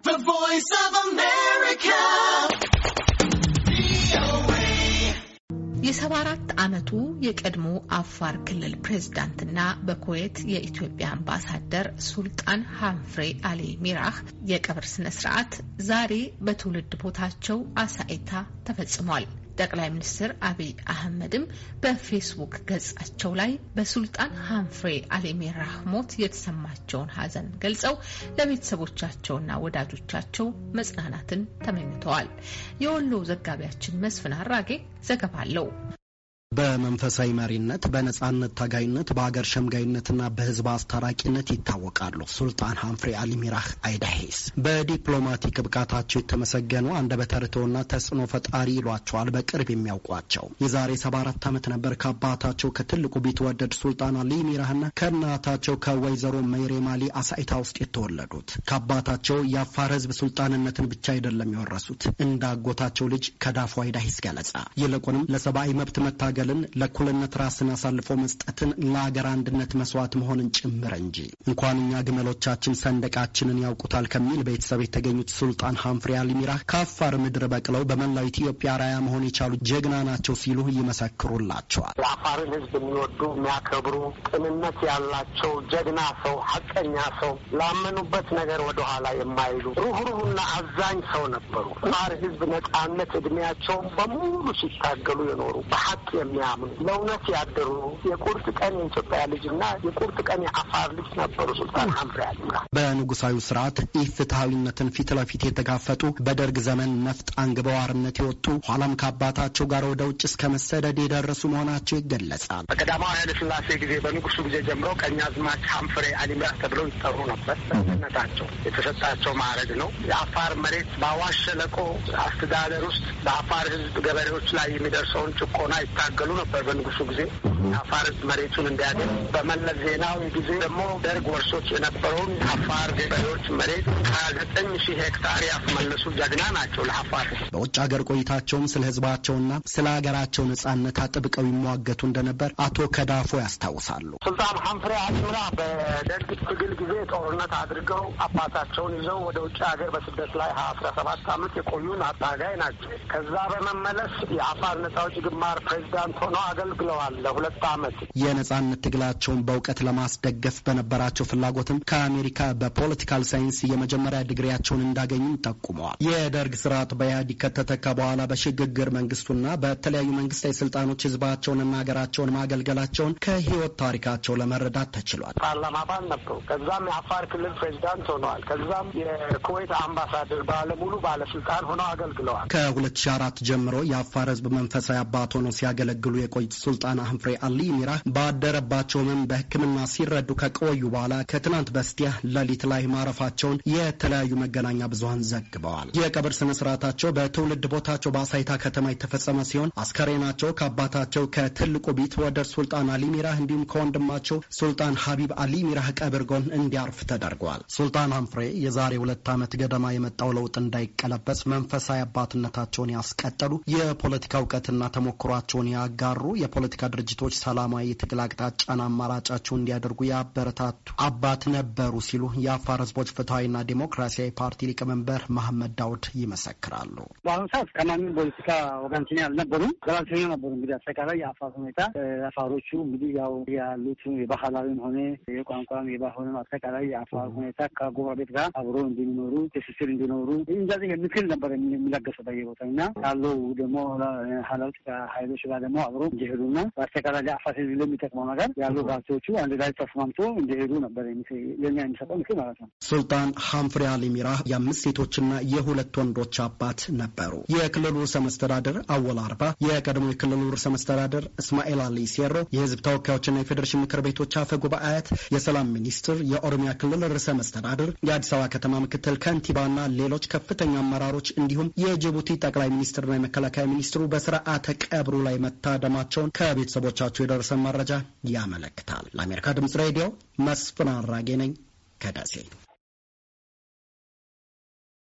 The Voice of America. የሰባ አራት ዓመቱ የቀድሞ አፋር ክልል ፕሬዝዳንትና በኩዌት የኢትዮጵያ አምባሳደር ሱልጣን ሃንፍሬ አሊ ሚራህ የቀብር ስነ ስርዓት ዛሬ በትውልድ ቦታቸው አሳይታ ተፈጽሟል። ጠቅላይ ሚኒስትር አቢይ አህመድም በፌስቡክ ገጻቸው ላይ በሱልጣን ሃንፍሬ አሊሜራህ ሞት የተሰማቸውን ሐዘን ገልጸው ለቤተሰቦቻቸውና ወዳጆቻቸው መጽናናትን ተመኝተዋል። የወሎ ዘጋቢያችን መስፍን አራጌ ዘገባ አለው። በመንፈሳዊ መሪነት፣ በነጻነት ታጋይነት፣ በሀገር ሸምጋይነትና በህዝብ አስታራቂነት ይታወቃሉ። ሱልጣን ሀምፍሬ አሊ ሚራህ አይዳሄስ በዲፕሎማቲክ ብቃታቸው የተመሰገኑ አንደበተ ርቱዕና ተጽዕኖ ፈጣሪ ይሏቸዋል በቅርብ የሚያውቋቸው። የዛሬ ሰባ አራት ዓመት ነበር ከአባታቸው ከትልቁ ቢትወደድ ሱልጣን አሊ ከእናታቸው ከወይዘሮ መይሬማሊ አሳይታ ውስጥ የተወለዱት። ከአባታቸው የአፋር ህዝብ ሱልጣንነትን ብቻ አይደለም የወረሱት፣ እንዳጎታቸው ልጅ ከዳፎ አይዳሂስ ገለጻ ይልቁንም ለሰብአዊ መብት መታገ መታገልን ለእኩልነት ራስን አሳልፎ መስጠትን ለአገር አንድነት መስዋዕት መሆንን ጭምር እንጂ እንኳን እኛ ግመሎቻችን ሰንደቃችንን ያውቁታል ከሚል ቤተሰብ የተገኙት ሱልጣን ሀምፍሪ አሊ ከአፋር ምድር በቅለው በመላው ኢትዮጵያ ራያ መሆን የቻሉ ጀግና ናቸው ሲሉ ይመሰክሩላቸዋል። የአፋርን ሕዝብ የሚወዱ የሚያከብሩ፣ ቅንነት ያላቸው ጀግና ሰው፣ ሀቀኛ ሰው፣ ላመኑበት ነገር ወደኋላ የማይሉ ሩህሩህና አዛኝ ሰው ነበሩ። ማር ሕዝብ ነጻነት እድሜያቸውን በሙሉ ሲታገሉ የኖሩ በሀቅ የሚያምኑ ለእውነት ያደሩ የቁርጥ ቀን የኢትዮጵያ ልጅና የቁርጥ ቀን የአፋር ልጅ ነበሩ። ሱልጣን ሐምሬ አሊ በንጉሳዊ ስርዓት ኢፍትሐዊነትን ፊት ለፊት የተጋፈጡ በደርግ ዘመን ነፍጥ አንግበው አርነት የወጡ ኋላም ከአባታቸው ጋር ወደ ውጭ እስከ መሰደድ የደረሱ መሆናቸው ይገለጻል። በቀዳማዊ ኃይለ ሥላሴ ጊዜ በንጉሱ ጊዜ ጀምሮ ቀኛዝማች ሐምፍሬ አሊምራ ተብለው ይጠሩ ነበር። በነታቸው የተሰጣቸው ማዕረግ ነው። የአፋር መሬት በአዋሽ ሸለቆ አስተዳደር ውስጥ በአፋር ሕዝብ ገበሬዎች ላይ የሚደርሰውን ጭቆና ይታገ ይታገሉ ነበር በንጉሱ ጊዜ አፋር መሬቱን እንዲያገኝ። በመለስ ዜናዊ ጊዜ ደግሞ ደርግ ወርሶች የነበረውን አፋር ገበሬዎች መሬት ከዘጠኝ ሺህ ሄክታር ያስመለሱ ጀግና ናቸው ለአፋር። በውጭ ሀገር ቆይታቸውም ስለ ህዝባቸውና ስለ ሀገራቸው ነጻነት አጥብቀው ይሟገቱ እንደነበር አቶ ከዳፎ ያስታውሳሉ። ስልጣን ሀምፍሬ አሲሙላ በደርግ ትግል ጊዜ ጦርነት አድርገው አባታቸውን ይዘው ወደ ውጭ ሀገር በስደት ላይ አስራ ሰባት አመት የቆዩ ታጋይ ናቸው። ከዛ በመመለስ የአፋር ነጻ አውጪ ግንባር ፕሬዚዳንት ፕሬዚዳንት ሆነው አገልግለዋል ለሁለት ዓመት። የነጻነት ትግላቸውን በእውቀት ለማስደገፍ በነበራቸው ፍላጎትም ከአሜሪካ በፖለቲካል ሳይንስ የመጀመሪያ ዲግሪያቸውን እንዳገኙም ጠቁመዋል። የደርግ ስርዓት በኢህአዴግ ከተተካ በኋላ በሽግግር መንግስቱና በተለያዩ መንግስታዊ ስልጣኖች ህዝባቸውንና ሀገራቸውን ማገልገላቸውን ከህይወት ታሪካቸው ለመረዳት ተችሏል። ፓርላማ አባል ነበሩ። ከዛም የአፋር ክልል ፕሬዚዳንት ሆነዋል። ከዛም የኩዌት አምባሳደር ባለሙሉ ባለስልጣን ሆነው አገልግለዋል። ከሁለት ሺ አራት ጀምሮ የአፋር ህዝብ መንፈሳዊ አባት ሆነው ሲያገለግል ሲያገለግሉ የቆዩት ሱልጣን ሀንፍሬ አሊ ሚራ ባደረባቸው ህመም በሕክምና ሲረዱ ከቆዩ በኋላ ከትናንት በስቲያ ሌሊት ላይ ማረፋቸውን የተለያዩ መገናኛ ብዙሀን ዘግበዋል። የቀብር ስነ ስርዓታቸው በትውልድ ቦታቸው በአሳይታ ከተማ የተፈጸመ ሲሆን አስከሬናቸው ከአባታቸው ከትልቁ ወደር ሱልጣን አሊ ሚራ እንዲሁም ከወንድማቸው ሱልጣን ሀቢብ አሊ ሚራህ ቀብር ጎን እንዲያርፍ ተደርጓል። ሱልጣን ሀንፍሬ የዛሬ ሁለት ዓመት ገደማ የመጣው ለውጥ እንዳይቀለበስ መንፈሳዊ አባትነታቸውን ያስቀጠሉ የፖለቲካ እውቀትና ተሞክሯቸውን ያ የሚያጋሩ የፖለቲካ ድርጅቶች ሰላማዊ የትግል አቅጣጫን አማራጫቸው እንዲያደርጉ ያበረታቱ አባት ነበሩ ሲሉ የአፋር ህዝቦች ፍትሐዊና ዴሞክራሲያዊ ፓርቲ ሊቀመንበር መሐመድ ዳውድ ይመሰክራሉ። በአሁኑ ሰዓት ከማንም ፖለቲካ ወገንተኛ አልነበሩም፣ ገለልተኛ ነበሩ። እንግዲህ አጠቃላይ የአፋር ሁኔታ አፋሮቹ እንግዲህ ያው ያሉት የባህላዊም ሆነ የቋንቋም የባህሉም አጠቃላይ የአፋር ሁኔታ ከጎረቤት ጋር አብሮ እንዲኖሩ ትስስር እንዲኖሩ እንደዚህ የምክል ነበር የሚለገሰው በየቦታው እና ካለው ደግሞ ሀላውት ከሀይሎች ጋር ደግሞ ደግሞ አብሮ እንዲሄዱና በአጠቃላይ ለአፋር ሕዝብ ለሚጠቅመው ነገር ያሉ ፓርቲዎቹ አንድ ላይ ተስማምቶ እንዲሄዱ ነበር ለእኛ የሚሰጠው ምክር ማለት ነው። ሱልጣን ሀምፍሪ አሊሚራ የአምስት ሴቶችና የሁለት ወንዶች አባት ነበሩ። የክልሉ ርዕሰ መስተዳደር አወል አርባ፣ የቀድሞ የክልሉ ርዕሰ መስተዳደር እስማኤል አሊ ሴሮ፣ የህዝብ ተወካዮችና የፌዴሬሽን ምክር ቤቶች አፈ ጉባኤያት፣ የሰላም ሚኒስትር፣ የኦሮሚያ ክልል ርዕሰ መስተዳድር፣ የአዲስ አበባ ከተማ ምክትል ከንቲባና ሌሎች ከፍተኛ አመራሮች እንዲሁም የጅቡቲ ጠቅላይ ሚኒስትርና የመከላከያ ሚኒስትሩ በስርዓተ ቀብሩ ላይ መታ መታደማቸውን ከቤተሰቦቻቸው የደረሰን መረጃ ያመለክታል። ለአሜሪካ ድምጽ ሬዲዮ መስፍን አራጌ ነኝ ከደሴ